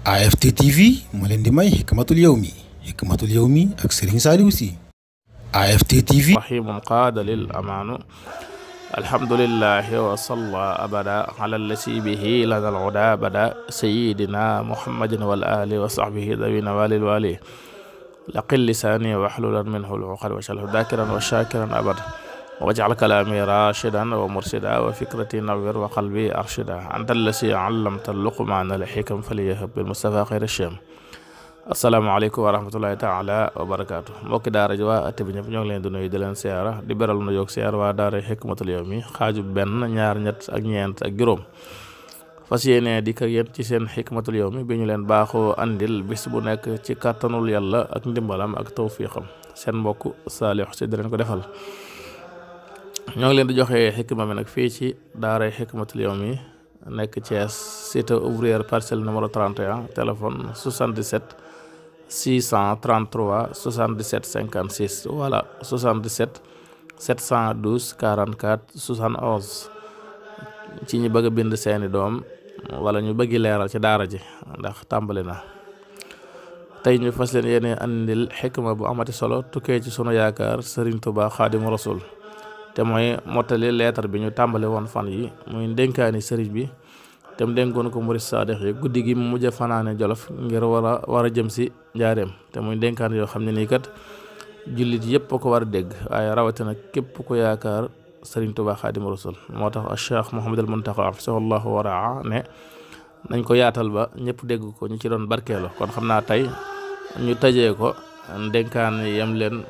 AFT TV moo leen di may xikmatul yawmi xikmatul yawmi ak Serigne Saliou Sy AFT TV rahimun qaada lil amaanu alhamdulillahi wa salla abada ala lasi bihi lana alhuda bada sayidina muhammadin wal ali wa sahbihi dawina walil wali laqil lisani waxlulan minhu luqad wa shalhu dakiran wa shakiran abada wajal kalaami rashidan wa mursida wa fikrati nawwir wa qalbi arshida anta allasi allamta luqmaana al xikam faliyahab bil mustafa xayra sham asalaamaaleykum wa rahmatullahi taala wa barakaatu mbokki daara ji waa atte bi ñëpp ñoo ngi leen di nuyu di leen siyaara di beral nu yoog siyaar waa daara xikmatul yawmi xaaju benn ñaar ñett ak ñeent ak juróom fas yéene dikk ko yéen ci seen xikmatul yawmi bi ñu leen baaxoo andil bis bu nekk ci kàttanul yàlla ak ndimbalam ak tawfiqam seen mbokk saalix si leen ko defal ñoo ngi leen di joxe xikma mi nag fii ci daaray Hikmatul mi nekk Thiès cité ouvrière parcelle numéro 31 téléphone 77 633 77 56 voilà 77 712 44 71 ci ñi bëgg bind seeni doom wala ñu bëggi leeral ci daara ji ndax tàmbali na tey ñu fas leen yéene andil xikma bu amati solo tukkee ci sunu yaakaar Serigne Touba Xaadimu Rasul te mooy mottali bi ñu tàmbale woon fan yi muy ndénkaani sëriñ bi te mu dénkoon ko murid saadix yi guddi gi mujj fanaane jolof ngir war a war a jëm si njaareem te muy ndénkaan yoo xam ne nii kat jullit yëpp a ko war a dégg waaye rawatina képp ku yaakaar sëriñ Tuubaa Xaadimu Rasuul moo tax Cheikh Mouhamadul Muntaqa afisahullahu waraa ne nañ ko yaatal ba ñëpp dégg ko ñu ci doon barkeeloo kon xam naa tey ñu tajee ko ndénkaan yem leen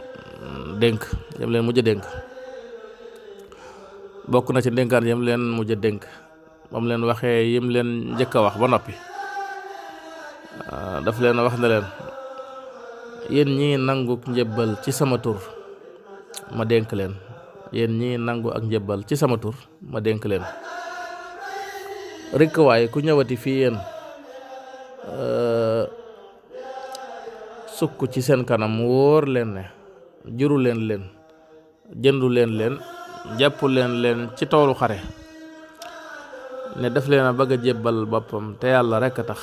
dénk yem leen mujj dénk bokk na ci dénkaan yam leen mujj a dénk bam leen waxee yim leen njëkk a wax ba noppi ah, daf leen wax na leen yéen ñii nangu ak njëbbal ci sama tur ma dénk leen yéen ñii nangu ak njëbbal ci sama tur ma dénk leen rekk ku ñëwati fii yéen ah, sukk ci seen kanam wóor leen ne juru leen leen jëndu leen leen jàpp leen leen ci toolu xare ne def leen a bëgg a jébbal boppam te yàlla rekk a tax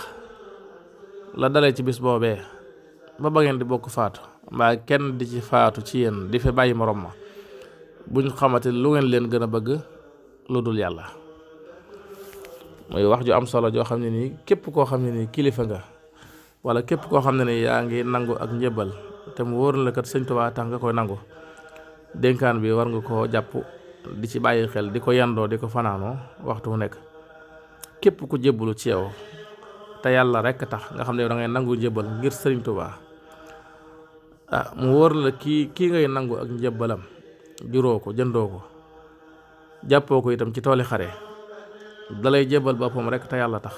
la dale ci bis boobee ba ba ngeen di bokk faatu mbaa kenn di ci faatu ci yenn di fi bàyyi moroom ma buñ xamante lu ngeen leen gën a bëgg lu dul yàlla muy wax ju am solo joo xam ne nii képp koo xam ne nii kilifa nga wala képp koo xam ne nii yaa ngi nangu ak njëbbal te mu wóor na la kat sëñ Tuubaa nga koy nangu dénkaan bi war nga koo jàpp di ci bàyyi xel di ko yandoo di ko fanaanoo waxtu wu nekk képp ku jébbalu ci yow te yàlla rek tax nga xam ne da ngay nangu njëbbal ngir sëriñ Tuubaa ah, mu wóor la kii kii ngay nangu ak njëbbalam juróo ko jëndoo ko jàppoo ko itam ci tooli xare dalay jébbal boppam rek te yàlla tax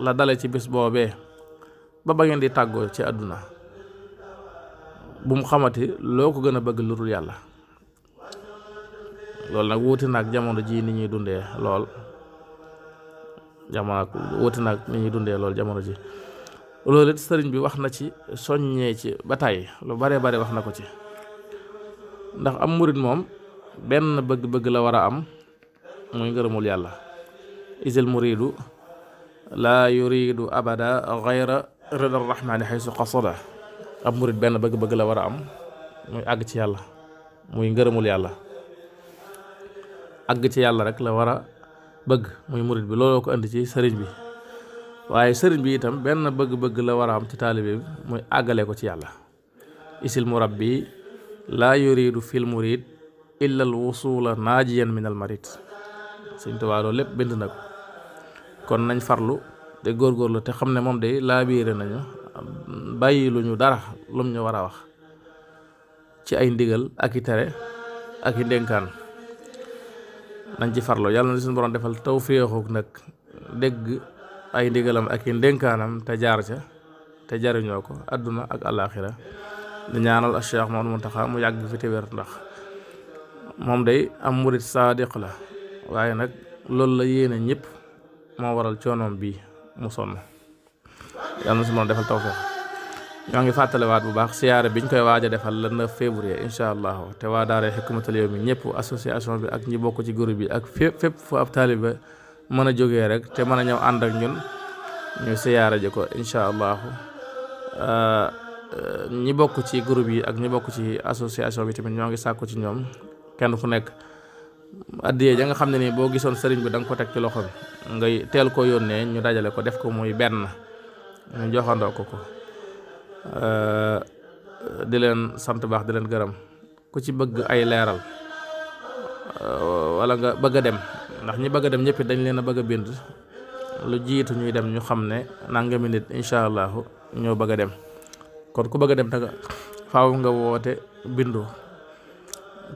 la dale ci bis boobee ba ba ngeen di tàggoo ci àdduna bu mu xamati loo ko gën a bëgg lu dul yàlla loolu nag wuuti nag jamono ji ni ñuy dundee lool jamono wuuti nag ni ñuy dundee lool jamono ji loolu sëriñ bi wax na ci soññee ci ba tàyyi lu bare bare wax na ko ci ndax am murit moom benn bëgg-bëgg la war a am muy ngërëmul yàlla isil muridu laa yuridu abada gayra rida rahmaani xaysu qasada ab murit benn bëgg-bëgg la war a am muy àgg ci yàlla muy ngërëmul yàlla àgg ci yàlla rek la war a bëgg muy murit bi looloo ko indi ci sëriñ bi waaye sëriñ bi itam benn bëgg-bëgg la war a am ci taalibe bi muy àggale ko ci yàlla isil bi laa yuridu fil murid illa al wusula naajiyan min al marid sëñ lépp bind na ko kon nañ farlu te góor góorlu te xam ne moom day laa biire nañu bàyyi lu ñu dara lum ñu war a wax ci ay ndigal ak i tere ak i ndénkaan nañ ci farloo yàlla na suñu borom defal tawféexuk nag dégg ay ndigalam ak i ndénkaanam te jaar ca te jariñoo ko àdduna ak àllaaxira di ñaanal Cheikh mu taxa mu yàgg fi ndax moom day am murit saadiq la waaye nag loolu la yéene ñëpp moo waral coonoom bi mu sonn yàlla na suñu borom defal tawféex ñoo ngi fàttalewaat bu baax siyaare ñu koy waaja defal la 9 février incha allahu te waa daara Hikmatul Yawmi ñëpp association bi ak ñi bokk ci groupe bi ak fépp fépp fu ab taaliba mën a jógee rek te mën a ñëw ànd ak ñun ñu siyaare ji ko incha allahu ñi bokk ci groupe yi ak ñi bokk ci association bi tamit ñoo ngi sàkku ci ñoom kenn ku nekk addiyee ja nga xam ne nii boo gisoon sëriñ bi da nga ko teg ci loxo bi ngay teel ko yónnee ñu dajale ko def ko muy benn ñu joxandoo ko ko Euh, di leen sant baax di leen gërëm ku ci bëgg ay leeral euh, wala nga bëgg dem ndax ñi bëgg dem ñëpp dañ leen a bëgg a bind lu jiitu ñuy dem ñu xam ne nangami nit incha allahu ñoo bëgg a dem kon ku bëgg a dem nag faaw nga woote bindu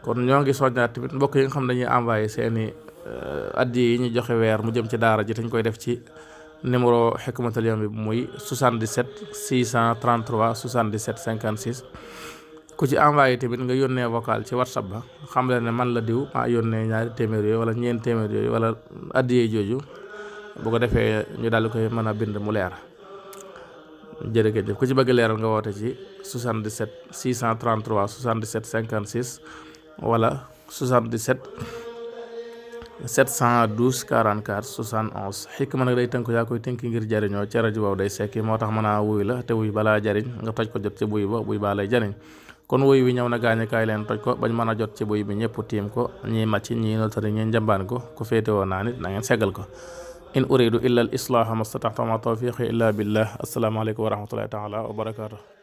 kon ñoo ngi soññaat tamit mbokk yi nga xam dañuy envoyé seeni euh, addi yi ñu joxe weer mu jëm ci daara ji te ñu koy def ci numéro Hikmatul Yawmi bi muy 77 633 77 56 ku ci envoyé tamit nga yónnee vocal ci whatsapp ba xam leen ne man la diw maa yónnee ñaari téeméer yooyu wala ñeen téeméer yooyu wala addiyee jooju bu ko defee ñu daal di koy mën a bind mu leer jërëjëf ku ci bëgg leeral nga woote ci 77 633 77 56 wala 77. 712 44 71 xikma nag day tënk yaa koy tënk ngir jariñoo ca rajo waaw day sekki moo tax mën a wuy la te wuy balaa jariñ nga toj ko jot ci buy ba buy baa lay jariñ kon wuy wi ñëw na gaañukaay leen toj ko bañ mën a jot ci buy bi ñëpp tiim ko ñii màcc ñii notari ñii njambaan ko ko féete woon naa nit nangeen ngeen seggal ko in uridu illa al islaaha mastataxta ma tawfiqi illa billah asalaamaaleykum wa rahmatullahi